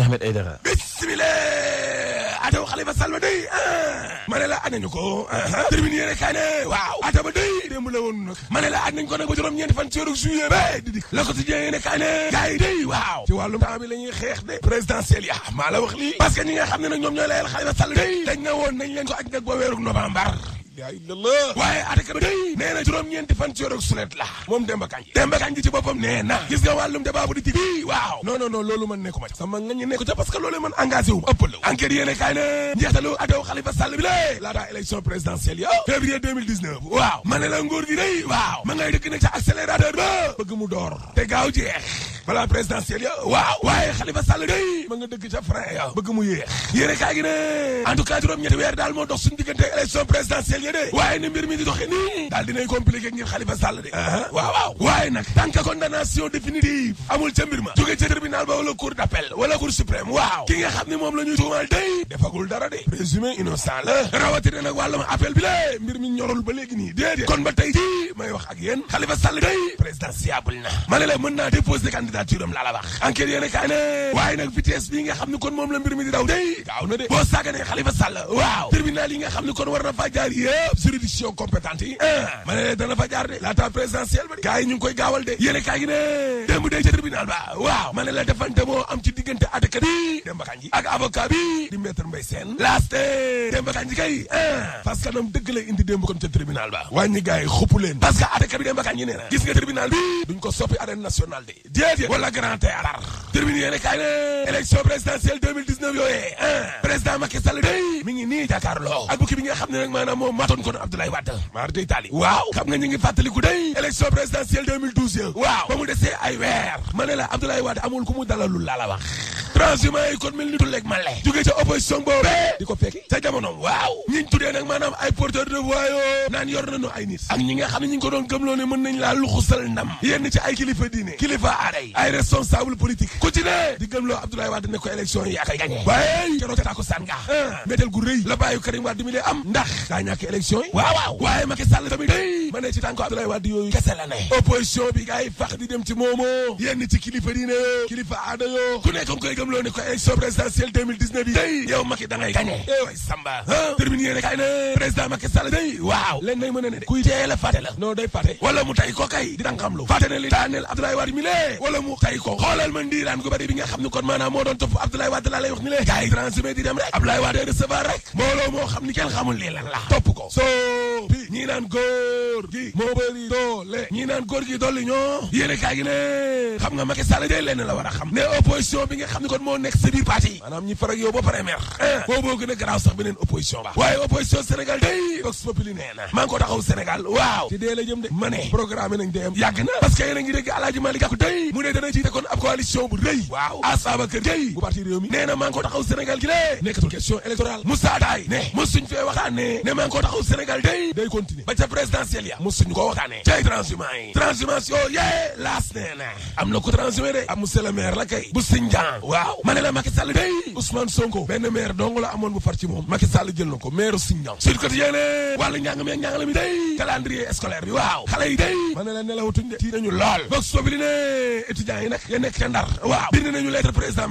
Ahmed Aidara ataw Khalifa Sall ba day ah. ma ne la ad nañu ko ah. terminé yéene kay ne waaw ata ba day démb la woon nag ma ne la ad nañ ko nag ba juróom ñeenti fan ci weeru juillet ba di dikk la ko si yéene kay ne gars yi day waaw ci wàllum temps bi la ñuy xeex de présidentielle ya ah, maa la wax lii parce que ñi nga xam ne nag ñoom ñooy layal Khalifa Sall day dañ na woon nañ leen ko aj nag ba weeru novembre laa illallah waaye attaque bi day nee na juróom-ñeenti fan ci yorog sunet la moom Demba Kandji Demba Kandji ci boppam nee na gis nga wàllum débat bu di jig bi waaw non non non loolu man nekkuma ca sama nga ñu nekku ca parce loolu man engagé wu ëppalaw enquête yéene kaay ne njeextalu adaw Khalifa Sall bi lée laataa élection présidentielle yo février 2019 waaw ma la nguur gi day waaw ma ngay dëkk nag ca accélérateur ba bëgg mu door te gaaw jeex balaa présidentielle ya waaw waaye Khalifa Sall day ma nga dëgg ca frein ya bëgg mu yéex yéene kaa gi ne en tout cas juróom-ñetti weer daal moo dox suñu diggante élection présidentielle ya de waaye ni mbir mi di doxee nii daal dinay compliqué ngir Khalifa Sall de ah, ah, waaw waaw waaye nag tant que condamnation définitive amul ca mbir ma jóge ca tribunal ba wala cour d'appel wala cour suprême waaw ki nga xam ne moom la ñuy tuumaal day defagul de présumé innocent la rawatina nag wàllum appel bi mi ba léegi nii wax ak yéen Khalifa Sall day présidentiable na ma ne la mën naa déposer candidature am laa la wax enquête yéen a kaay ne waaye nag kon moom la mbir di daw day gaaw na de boo sàgganee Khalifa Sall waaw tribunal yi nga xam ne kon war na a ah, ma ne dana fa gi ne démb dee ci tribunal la defante moo am ci diggante attaque bi Demba laaste Demba Kandji kay a ah. parce dëgg la indi démb kon ca tribunal ba wàññi gars yi xupp leen parce que attaque bi Demba Kandji nee na gis nga tribunal bi duñ ko soppi waaw ak bukki bi nga xam ne nag maanaam moom matoon ko Abdoulaye Wade maar day taali waaw xam nga ñu ngi fàttaliku day élection présidentielle 2012 waaw ba mu desee ay weer ma ne la Abdoulaye Wade amul ku mu dalalul laa la wax transhumant yi kon mel ni du lekk ma ca opposition boobu di ko fekki ca jamonoom waaw ñiñ tuddee nag maanaam ay porteur de yoo naan yor nañu ay nit ak ñi nga xam ne ñi ko doon gëmloo ne mën nañ laa luxusal ndam yenn ci ay kilifa diine kilifa aada yi ay responsable politique ku ci ne di gëmloo Abdoulaye Wade ne ko élection yi yaa koy gagné waaye keroog ca taako sànga ah. ah. métel gu rëy la bàyyu Karim Wade mi lee am ndax daa ñàkk élection yi gëmloo ni ko élection présidentielle 2019 yi day yow Macky da ngay gagné eh, eh waay Samba ah terminé kay ne président Macky Sall day waaw leen nay mën a mu tay ko kay di danga lu fàtte ne li daaneel Abdoulaye Wade mi lee wala mu tay ko xoolal man di daan gu bëri bi xam ne kon maanaam moo doon topp Abdoulaye Wade laa ni lee gars yi transhumé di dem rek Abdoulaye Wade recevoir rek mbooloo moo xam ni kenn xamul lii lan ñii naan góor gi moo bëri doole ñii naan góor gi dolli ñoo yéene kaay ne xam nga Macky Sall de lenn la war a xam ne opposition bi nga xam ne kon moo nekk sa biir parti maanaam ñi farak yow ba pare mer ah boo boo gën a garaaw sax ba waaye opposition Sénégal day Vox Populi nee maa ngi ko taxaw waaw ci dee la jëm de ma ne programme nañ dem yàgg na parce que yéen a ngi dégg Alaaji Malick day mu ne dana jiite kon ab coalition bu day bu mi nee na maa ngi ko taxaw Sénégal gi ba ca présidentielle ya mosuñu ko waxtaanee cay transhumance yi transhumance yoo laas nee am na ko transhumé de am ah, monsieur le la kay bu Sindian waaw ma ne la Macky Sall day Ousmane Sonko benn maire dong la amoon bu far ci moom Macky Sall jël na ko maire Sindian Sud Quotidien ne wàllu njàng meeg njàngale mi day calendrier scolaire bi waaw xale yi day ma ne la nelawatuñ de tii nañu lool boog soobi ne étudiants yi nag ya nekk ca Ndar waaw bind nañu lettre président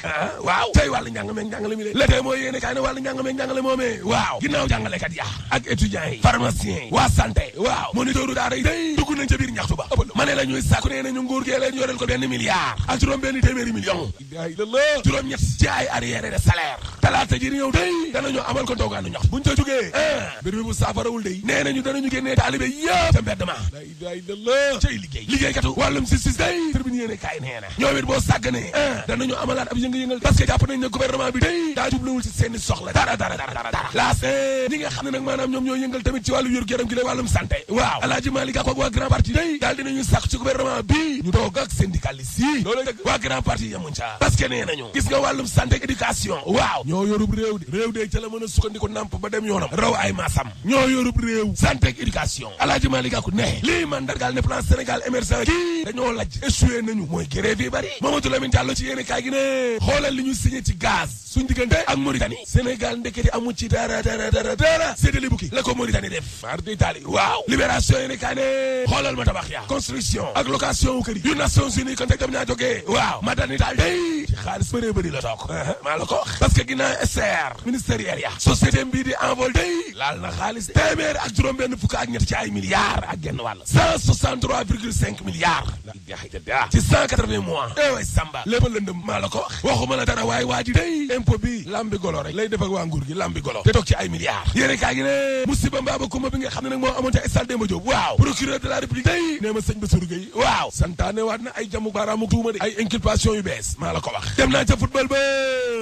waaw tey wàllu njàng meeg njàngale mi de tey mooy yéene kaay ne wàllu njàng meeg njàngale moomee waaw ginnaaw jàngalekat ya ak étudiants yi pharmaciens waa santé waaw moniteuru daara yi day dugg nañ ca biir ñaxtu ba ëpp ma ne la ñuy sàkku nee nañu nguur gee leen yoreel ko benn milliard ak juróom benn téeméeri million juróom ñett ci ay arriéré de salaire talaata ji ñëw day danañu amal ko doogaanu ñax buñ ca jógee eh. eh, mbir mi mu saafarawul day nee nañu danañu génnee taalibe yëpp ca mbedd ma la ilaha illallah cay liggéey liggéeykatu wàllum justice day tribune yéene kaay nee na ñoom eh, amalaat ab yënga-yëngal parce jàpp nañ ne gouvernement bi day daa jubluwul ci seeni soxla dara dara dara dara laas ñi xam ne nag maanaam ñoom ñoo yëngal tamit ci wàllu yor-yaram gi lay wàllum santé waaw alaaji Malick ak santé éducation waaw ñoo yorub réew di réew de ca la mën a sukkandiku namp ba dem yoonam raw ay maasam ñoo yorub réew santé éducation alaaji Malick Gakou ne lii mandargaal ne plan Sénégal émergent kii dañoo laj échoué nañu mooy grève yi bari Mamadou Lamine Diallo ci yéene gi ne xoolal li ñu signé ci gaz suñ diggante ak Mauritanie Sénégal ndekete amu ci dara dara dara dara séddale bukki la ko Mauritanie def mar d' Italie waaw libération yéene ne yokk maa la ko wax parce que ginnaaw SR ministériel ya société mbii di envol day laal na xaalis téeméer ak juróom benn fukk ak ñett ci ay milliards ak genn wàll 163 virgule 5 milliards ci 180 mois eeway Samba lépp lëndëm maa la ko wax waxuma la dara waaye waa ji day impôt bi lambi golo rek lay def ak waa nguur gi lambi golo te toog ci ay milliards yéene kaa gi ne musiba mbaaba kumba bi nga xam ne nag moo amoon ca stade Demba Diop waaw procureur de la république day nee ma sëñ Bassirou Gueye waaw santaane waat na ay jamu baaraamu tuuma de ay inculpation yu bees maa la ko wax dem naa ca football ba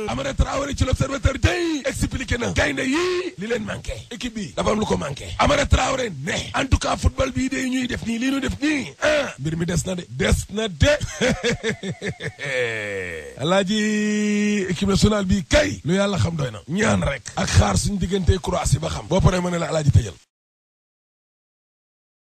Amara Traoré ci l'observateur day expliqué na gaynde yii li leen manqué équipe bi dafa am lu ko manqué Amara Traoré ne en tout cas football bii day ñuy def nii lii ñu def nii ah, mbir mi des na de des na de alaaji équipe nationale bi kay lu yàlla xam doy na ñaan rek ak xaar suñu diggante Croatie ba xam boo paree ma ne la alaaji tëjal